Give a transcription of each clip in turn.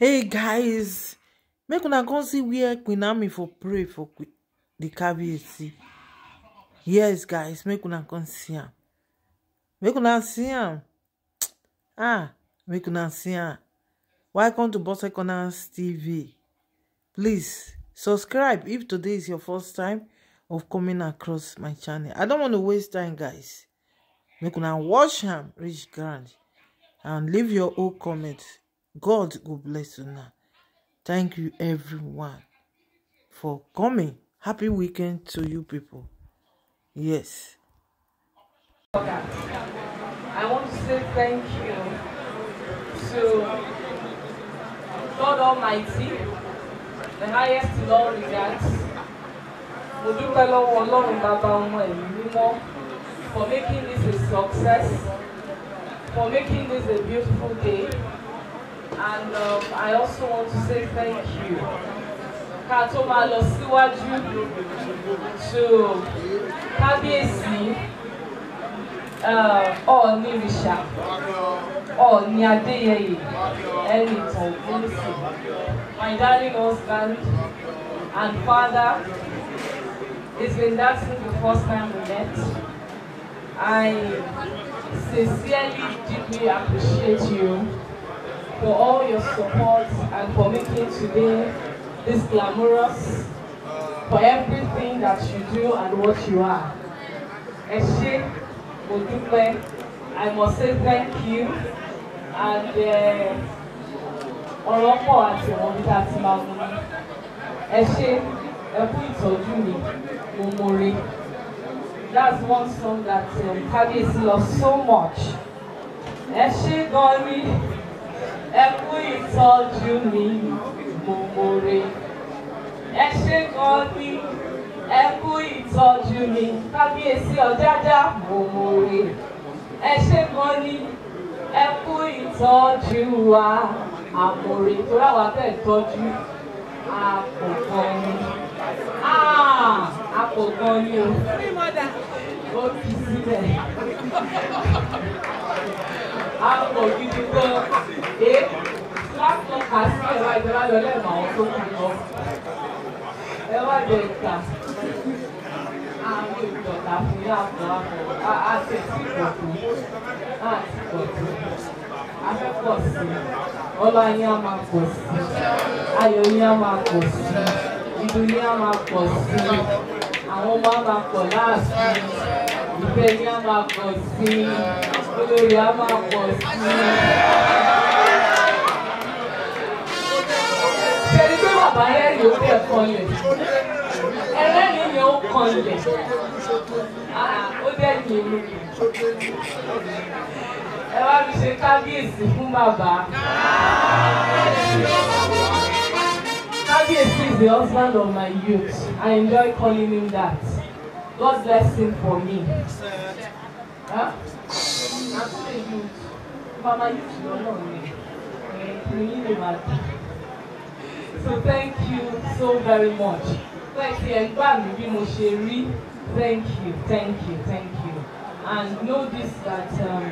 hey guys make una come see where queen naomi for pray for the cabbiecy yes guys make una come see am make una see am ah make una see am welcome to boss corners tv please subscribe if today is your first time of coming across my channel i don't want to waste time guys make una watch him, reach ground and leave your own comments. God will bless you now. Thank you, everyone, for coming. Happy weekend to you people. Yes. I want to say thank you to God Almighty, the highest in all regards. for making this a success, for making this a beautiful day and um, I also want to say thank you. Katoma to to uh, Rìṣà Ọọ̀ni Adéyẹyè Ẹnìtàn Gbóǹsì. My darling husband and father, it's been that since the first time we met. I sincerely, deeply appreciate you for all your support and for making today this glamorous, for everything that you do and what you are. Eshe Odupe, I must say thank you and eh, ọ̀rọ̀pọ̀ àti ọ̀rọ̀bíta ti máa mú mi. Ẹ ṣe ẹ kú That's one song that um, loves so much. Eshe, se ṣe ẹ kú ìtọ́jú mi mo more ẹ ṣe gan ni ẹ kú ìtọ́jú mi kábíyèsí ọ̀dáadá mo more ẹ ṣe gan ni ẹ kú ìtọ́jú wa àmọ̀rè tó ráwa tẹ̀ tọ́jú àpòkan ni àpòkan ni o ó fi sílẹ̀ àpọ̀ gidi gan ẹ láti ọkà sí ẹ̀rọ ìjọba lọ lẹ́ẹ̀mọ àwọn tó kù lọ ẹ wá jẹ ìta àwọn ìjọba fún yà àpò àpò àti ìgbọ̀kú àti ìgbọ̀kú afẹ́pọ̀ sí ọlá yín á máa pọ̀ sí ayọ̀ yín á máa pọ̀ sí ìdùnnú yín á máa pọ̀ sí àwọn ọmọ á olórí á máa pọ̀ sí i. ṣèlú pé bàbá ẹlẹ́rìí ó tẹ̀ kanlẹ̀ ẹlẹ́rìí yẹn ó kanlẹ̀ ó dẹ̀ ní ìlú. ẹ wá fi ṣe kábíyèsí fún bàbá. Kábíyèsí is the husband of my youth. I enjoy calling him that. God bless him for me. Huh? youth bàbá youth lọ́nà mi so thank you so very much tẹ̀sí ẹ̀ gbà mí bí thank you thank you thank you and know this that um,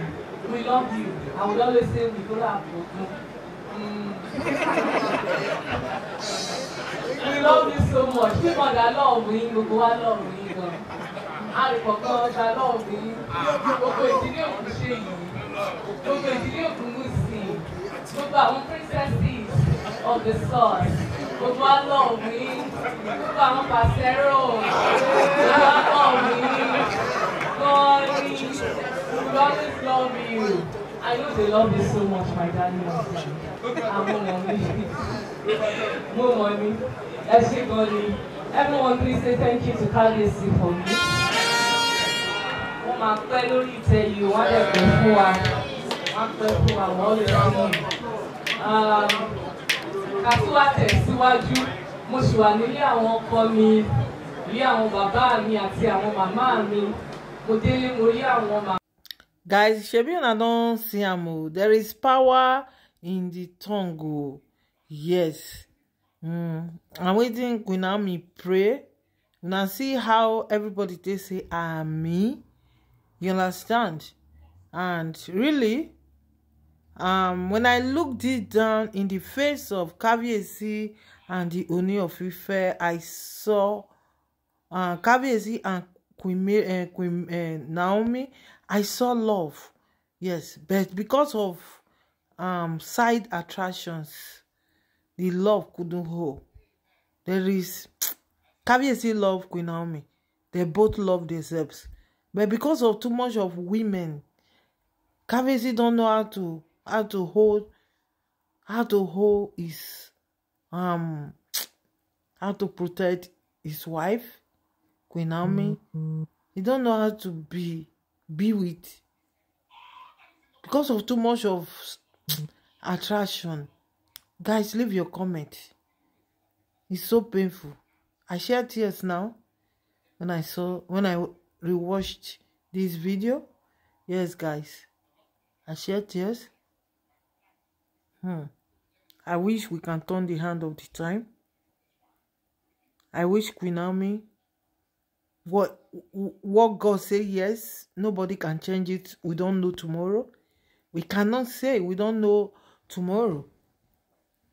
we love you I would always say we follow our program. we love you so much. People that love we go I love you. I record that love we. Gbogbo ìdílé òkú gbogbo ìdílé Ògúnwùsì gbogbo àwọn princesses of the source gbogbo àlọ́ mi gbogbo àwọn pàṣẹrò gbogbo àlọ́ mi glory we always love you I know they love you so much my darling I'm ọmọ mi mo mọ mi ẹ ṣe everyone please say thank you to Kábíyèsí for me. máa pẹ́ lórí ìtẹ́ yìí wọ́n dẹ̀ pẹ́ fún wa wọ́n pẹ́ fún wa wọ́n lè rí wọn. Um, ká tó wá tẹ̀síwájú mo sì wà nílé àwọn ọkọ mi rí àwọn bàbá mi àti àwọn màmá mi mo délé mo rí àwọn màmá. guys shebi una don see there is power in the tongue yes mm. i'm waiting queen naomi pray una see how everybody take say ami You understand? And really, um, when I looked deep down in the face of Kabiyesi and the Oni of Ife, I saw uh, Kabiyesi and Queen, uh, Queen uh, Naomi. I saw love, yes, but because of um, side attractions, the love couldn't hold. There is Kabiyesi love Queen Naomi. They both love themselves. But because of too much of women, Kavezi don't know how to how to hold how to hold his um how to protect his wife, Queen Naomi. Mm -hmm. He don't know how to be be with because of too much of mm-hmm. attraction. Guys, leave your comment. It's so painful. I share tears now when I saw when I rewatched this video yes guys i shed tears hmm i wish we can turn the hand of the time i wish queen army what what god say yes nobody can change it we don't know tomorrow we cannot say we don't know tomorrow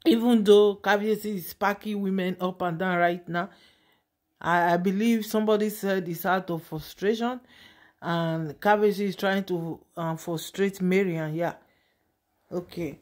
even though kabiyesi is packing women up and down right now I, I believe somebody said it's out of frustration and Kabezi is trying to um, frustrate Marian. Yeah. Okay.